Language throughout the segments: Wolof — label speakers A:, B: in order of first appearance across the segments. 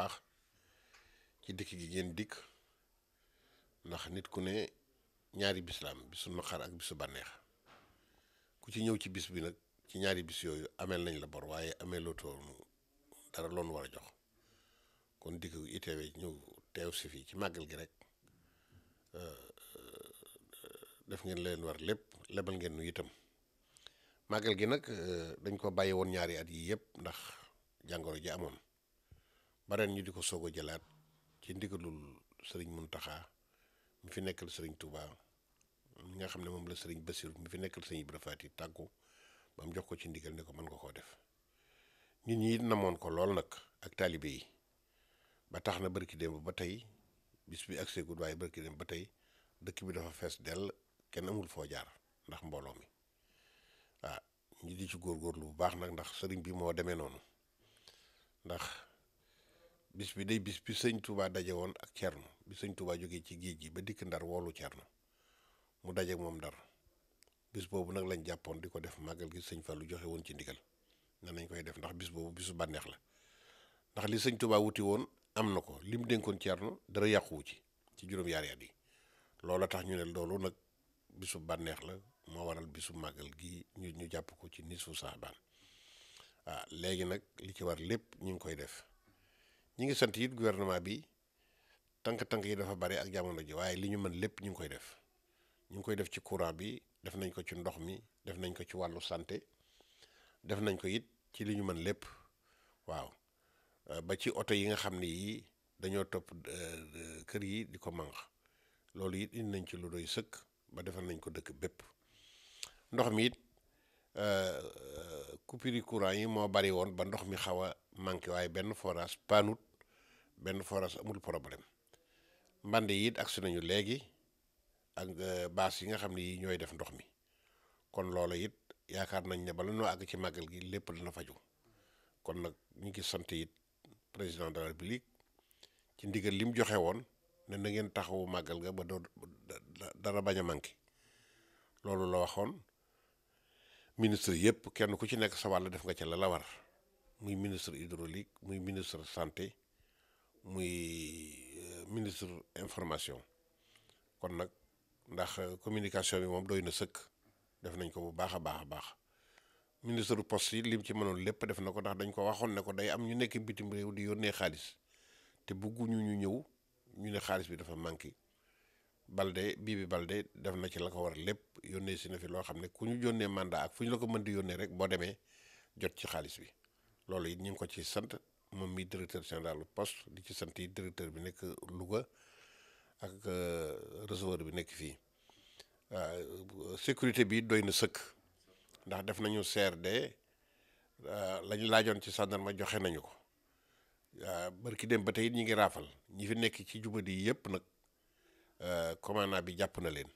A: baax ci dikk gi ngeen dikk ndax nit ku ne ñaari bis bisu naqar ak bisu bànneex ku ci ñëw ci bis bi nag ci ñaari bis yooyu ameel nañ la bor waaye amee lootoonu dara loon war a jox kon dikk itteewe ñëw teew si fii ci màggal gi rek euh, euh, def ngeen leen war lépp lebal ngeen nu itam màggal gi nag euh, dañ ko bàyyi woon ñaari at yi yëpp ndax jàngoro ji amoon ba ren ñu di ko soog a jëlaat ci ndigalul sëriñ Muntaxa mu fi nekkal sëriñ Touba mi nga xam ne moom la sëriñ Basir mu fi nekkal sëriñ Ibra Faati tàggu ba mu jox ko ci ndigal ne ko mën nga koo def nit ñi namoon ko lool nag ak taalibe yi ba tax na barki démb ba tey bis bi ak seegul waaye barki démb ba tey dëkk bi dafa fees dell kenn amul foo jaar ndax mbooloo mi ah ñu di ci góorgóorlu bu baax nag ndax sëriñ bi moo demee noonu ndax. bis bi day bis bi sëñ Touba daje woon ak Thierno bi sëñ Touba jógee ci géej gi ba dikk ndar woolu Thierno mu daje moom ndar bis boobu nag lañ jàppoon di ko def màggal gi sëñ lu joxe woon ci ndigal nan nañ koy def ndax bis boobu bisu bànneex la ndax li sëñ Touba wuti woon am na ko li mu dénkoon Thierno dara yàquwu ci ci juróom-yaari at yi a tax ñu ne loolu nag bisu bànneex la moo waral bisu màggal gi ñu ñu jàpp ko ci nisu saabaan waaw ah, léegi nag li ci lépp ñu ngi koy def. ñu ngi sant yit gouvernement bi tànk-tànk yi dafa bari ak jamono ji waaye li ñu mën lépp ñu ngi koy def ñu ngi koy def ci courant bi def nañ ko ci ndox mi def nañ ko ci wàllu santé def nañ ko it ci li ñu mën lépp waaw euh, ba ci oto yi nga xam ni yii dañoo topp euh, kër yi di ko mànq loolu it indi nañ ci lu doy sëkk ba defal nañ ko dëkk bépp ndox mi it euh, coupure yi courant yi moo bari woon ba ndox mi xaw a manqué waaye benn forage paanut benn forage amul problème mbande yi it agsi nañu léegi ak euh, baas yi nga xam ne yi ñooy def ndox mi kon loola it yaakaar nañ ne bala noo àgg ci màggal gi lépp dana faju kon nag ñu ngi sant it président de la république ci ndigal li mu joxe woon ne na ngeen taxawu màggal ga ba doo dara bañ a manqué loolu la waxoon ministre yëpp kenn ku ci nekk sa wàll def nga ca la la war muy ministre hydraulique muy ministre santé muy euh, ministre information kon nag ndax communication bi moom doy na sëkk def nañ ko bu baax a baax a baax ministre poste yi lim ci mënoon lépp def na ko ndax dañ ko waxoon ne ko day am ñu nekk bitim réew di yónnee xaalis te bëgguñu ñu ñëw ñu ne xaalis bi dafa manqué balde bii bi balde def na ci la ko war lépp yónnee si na fi loo xam ne ku ñu yónnee mandat ak fu ñu la ko mën di yónnee rek boo demee jot ci xaalis bi loolu it ñu ngi ko ci sant moom mi directeur général bu poste di ci sant yi directeur bi nekk Louga ak euh, receveur bi nekk fii waaw euh, sécurité bi doy na sëkk ndax def nañu CRD euh, lañu laajoon ci sàndarma joxe nañu ko waaw barki dem ba tey it ñi ngi raafal ñi fi nekk ci jubadi yi yëpp nag commandant bi jàpp na leen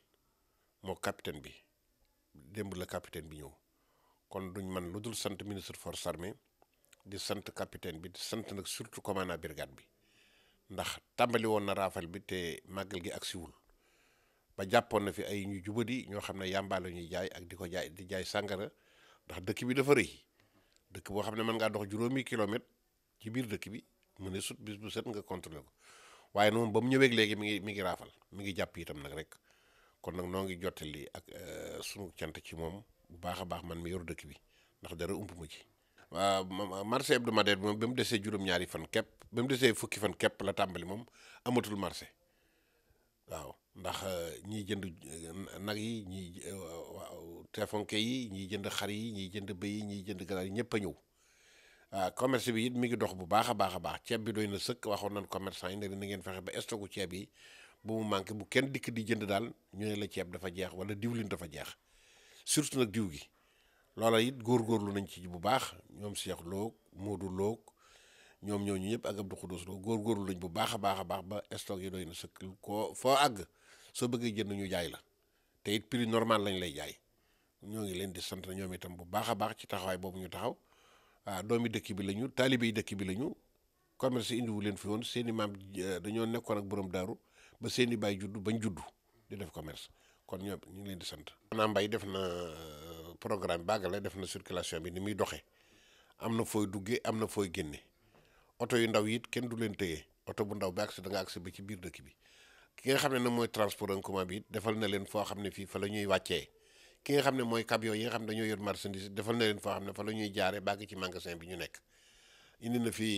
A: moo capitaine bi démb la capitaine bi ñëw kon duñ man lu dul sant ministre force armée di sant capitaine bi di sant nag surtout commandant brigade bi ndax tàmbali woon na raafal bi te màggal gi ak siwul ba jàppoon na fi ay ñu jubadi ñoo xam ne yàmbaa la ñuy jaay ak di ko jaay di jaay sàngara ndax dëkk bi dafa rëy dëkk boo xam ne mën ngaa dox juróomi kilomètre ci biir dëkk bi mu ne sut bis bu set nga contrôlé ko waaye moom ba mu ñëweeg léegi mi ngi mi ngi raafal mi ngi jàpp itam nag rek kon nag noo ngi jottali ak euh, sunu cant ci moom bu baax a baax man mi yor dëkk bi ndax dara ump ma ci waaw marché hebdomadaire bi moom ba mu desee juróom-ñaari fan képp ba mu desee fukki fan képp la tàmbali moom amatul marché waaw ndax euh, ñii jënd euh, nag yi ñiy euh, tefonke yi ñiy jënd xar yi ñiy jënd bëy yi ñiy jënd ganaar yi ñëpp a ñëw waaw ah, commerce bi it mi ngi dox bu baax a baax a baax ceeb bi doy na sëkk waxoon nañ commerçant yi ne na ngeen fexe ba stocku ceeb yi bu mu manqué bu kenn dikk di jënd daal ñu ne la ceeb dafa jeex wala diwlin dafa jeex surtout nag diw gi loola it góorlu nañ ci bu baax ñoom Cheikh Lo Modou Lo ñoom ñooñu ñëpp ak Abdou Khoudous Lo góorgóorlu nañ bu baax a baax a baax ba stock yi doy na sëkk koo foo àgg soo bëggee jënd ñu jaay la te it prix normal lañ lay jaay ñoo ngi leen di sant ñoom itam bu baax a baax ci taxawaay boobu ñu taxaw waaw ah, doomi dëkk bi lañu taalibe yi dëkk bi lañu commerce indiwu leen fi woon seen i maam eh, dañoo nekkoon ak borom daaru ba seeni i baay juddu bañ juddu di def commerce kon ñoom ñu ngi leen di sant. maanaam mbay def na. programme Bàggale def na circulation bi ni muy doxee am na fooy duggee am na fooy génne oto yu ndaw yit kenn du leen téye oto bu ndaw bi agsi danga nga agsi ba ci biir dëkk bi ki nga xam ne nag mooy transport en commun bi it defal na leen foo xam ne fa la ñuy wàccee ki nga xam ne mooy camion yi nga xam ne dañoo yor marchandise defal na leen foo xam ne fa la ñuy jaaree bàgg ci magasin bi ñu nekk indi na fi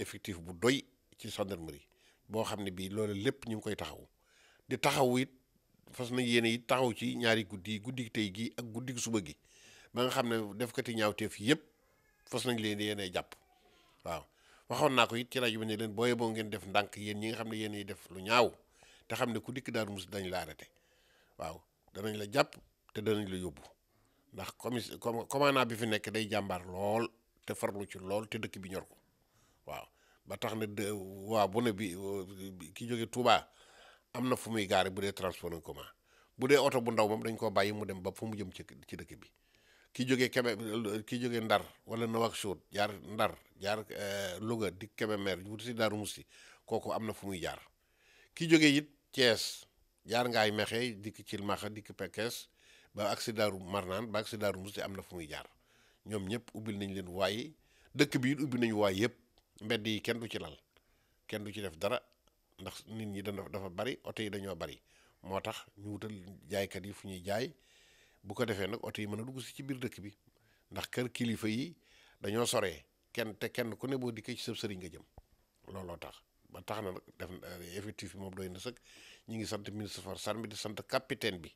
A: effectif bu doy ci gendarmerie boo xam ne bii loolu lépp ñu ngi koy taxaw di taxaw it fas nañ yéene yi taxaw ci ñaari guddi guddi tey gi ak guddi suba gi ba nga xam ne def te ñaawteef yëpp fas nañ leen yéene jàpp waaw waxoon naa ko it ci rajo bi ne leen booye boo ngeen def ndànk yéen ñi nga xam ne yéen yi def lu ñaaw te xam ne ku dikk Daaru Muxti dañ la arrêté waaw danañ la jàpp te danañ la yóbbu ndax commis commandant bi fi nekk day jàmbaar lool te farlu ci lool te dëkk bi ñor ko waaw ba tax na waa bu ne bi ki jóge Touba am na fu muy gaare bu dee transport en commun bu dee oto bu ndaw moom dañ koo bàyyi mu dem ba fu mu jëm ci ci dëkk bi ki jógee Kébé ki jógee Ndar wala Nouakchott jaar Ndar jaar euh, Louga di Kébémer wuti si Daaru Musti kooku am na fu muy jaar ki jógee it Thiès jaar ngaay mexe dikk Cilmaxa dikk Pekes ba agsi Daaru Marnaan ba agsi Daaru Musti am na fu muy jaar ñoom ñëpp ubbil nañ leen waaye dëkk bi it ubbi nañu waay yëpp mbedd yi kenn du ci lal kenn du ci def dara ndax nit ñi dafa dafa bari oto yi dañoo bari moo tax ñu wutal jaaykat yi fu ñuy jaay bu ko defee nag oto yi mën a dugg si ci biir dëkk bi ndax kër kilifa yi dañoo soree kenn te kenn ku ne boo dikkee ci sëb sëriñ nga jëm looloo tax ba tax na nag def eh, effectif bi moom doy na sëkk ñu ngi sant ministre for san bi di sant capitaine bi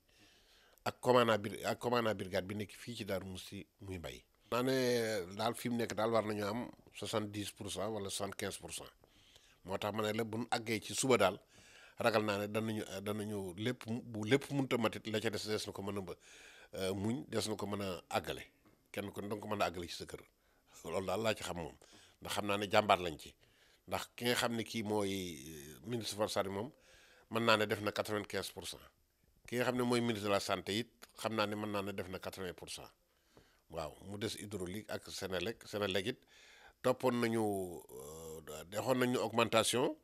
A: ak commandant bi ak commandant brigade bi nekk fii ci Darou Mousty muy mbay naa ne daal fi mu nekk daal war nañu am soixante-dix pour cent wala soixante-quinze pour cent moo tax ma ne la bu nu àggee ci suba daal ragal naa ne danañu danañu lépp bu lépp mënta matit la ca des des na ko mën a ba euh, muñ des na ko mën a àggale kenn kon danga ko mën a àggale ci sa kër loolu daal laa ci xam moom ndax xam naa ne jàmbaar lañ ci ndax ki nga xam ne kii mooy euh, ministre Forsari moom mën naa ne def na quatre-vingt-quinze pour cent ki nga xam ne mooy ministre de la santé it xam naa ne mën naa ne def na quatre-vingts pour cent waaw mu des hydraulique ak Sénélec Sénélec it toppoon nañu euh, defoon nañu augmentation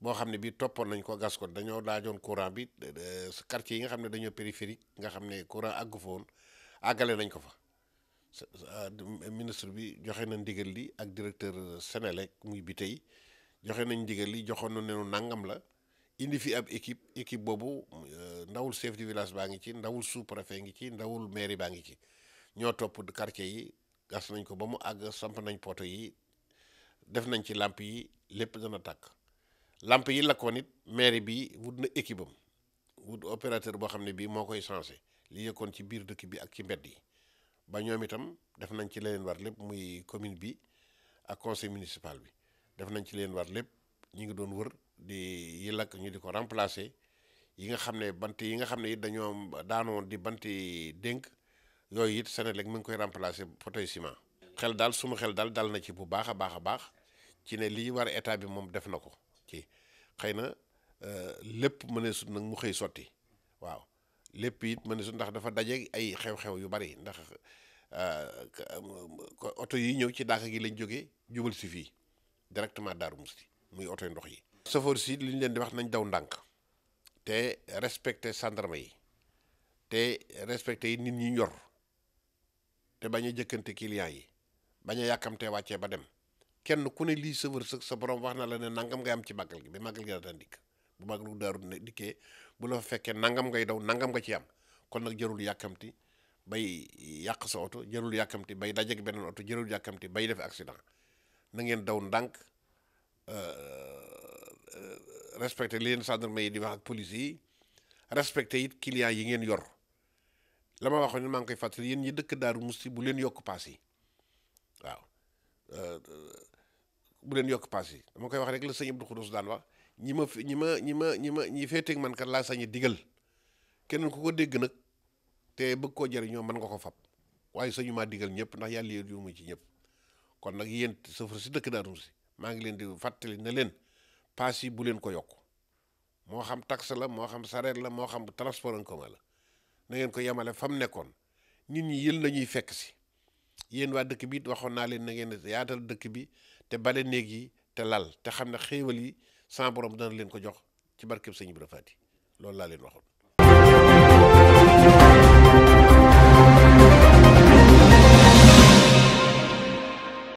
A: boo xam ne bii toppoon nañ ko gas ko dañoo laajoon courant bi quartier yi nga xam ne dañoo périphérique nga xam ne courant àggu fa woon àggale nañ ko fa ah, ministre bi joxe nañ ndigal li ak directeur Sénélec muy bi tey joxe nañ ndigal li joxoon na ne nangam la indi fi ab équipe équipe boobu euh, ndawul chef du village baa ngi ci ndawul sous préfet ngi ci ndawul mairie baa ngi ci ñoo topp quartier yi gas nañ ko ba mu àgg samp nañ poto yi def nañ ci làmp yi lépp dana takk làmp yi lakkoon it mairie bi wut na équipe am wut opérateur boo xam ne bii moo koy changé li yëkkoon ci biir dëkk bi ak ci mbedd yi ba ñoom itam def nañ ci leen war lépp muy commune bi ak conseil municipal bi def nañ ci leen war lépp ñu ngi doon wër di yi lakk ñu di ko remplacer yi nga xam ne bant yi nga xam ne it dañoo daanoon di banti dénk yooyu it Senelec mu ngi koy remplacer fauteuil ciment xel daal suma xel daal dal na ci bu baax a baax a baax ci ne li war état bi moom def na ko ci xëy na euh, lépp mënee sut nag mu xëy sotti waaw lépp it mënee sut ndax dafa daje ay xew-xew yu bari ndax euh, oto yi ñëw ci daaka gi lañ jóge jubal si fii directement Darou Mousty muy oto yu ndox yi. safoor si li ñu leen di wax nañ daw ndànk te respecte gendarme yi te respecté yi nit ñi yor te bañ a jëkkante clients yi bañ a yàkkamtee wàccee ba dem kenn ku ne lii sa wërsëg sa borom wax na la ne nangam ngay am ci màggal gi bi màggal gi daan dikk bu màggal daaru ne dikkee bu la fa fekkee nangam ngay daw nangam nga ci am kon nag jarul yàkkamti bay yàq sa oto yàkkamti bay dajeeg beneen oto jarul yàkkamti bay def accident na ngeen daw ndànk euh, euh, respecté li leen gendarme yi di wax ak police yi respecté it clients yi ngeen yor la ma waxoon maa ngi koy fàttali yéen ñi dëkk Daaru Musti bu leen yokk paas yi waaw euh, bu leen yokk paas yi dama koy wax rek la sëñ Abdou Khoudous daan wax ñi ma ñi ma ñi ma ñi ma ñi féeteeg man ka laa sañ diggal digal kenn ku ko dégg nag te bëgg koo jariñoo mën nga ko fab waaye sëñu maa digal ñëpp ndax yàlla yéen yu ci ñëpp kon nag yéen safar si dëkk Daaru Musti maa ngi leen di fàttali na leen paas yi bu leen ko yokk moo xam taxe la moo xam sareet la moo xam transport en commun la nangeen ko yemale fa mu nekkoon nit ñi yël lañuy fekk si yéen waa dëkk bi waxoon naa leen na ngeen yaatal dëkk bi te bale néeg yi te lal te xam ne xéewal yi sans borom dana leen ko jox ci barkeb sëñ Ibra Faati loolu laa leen waxoon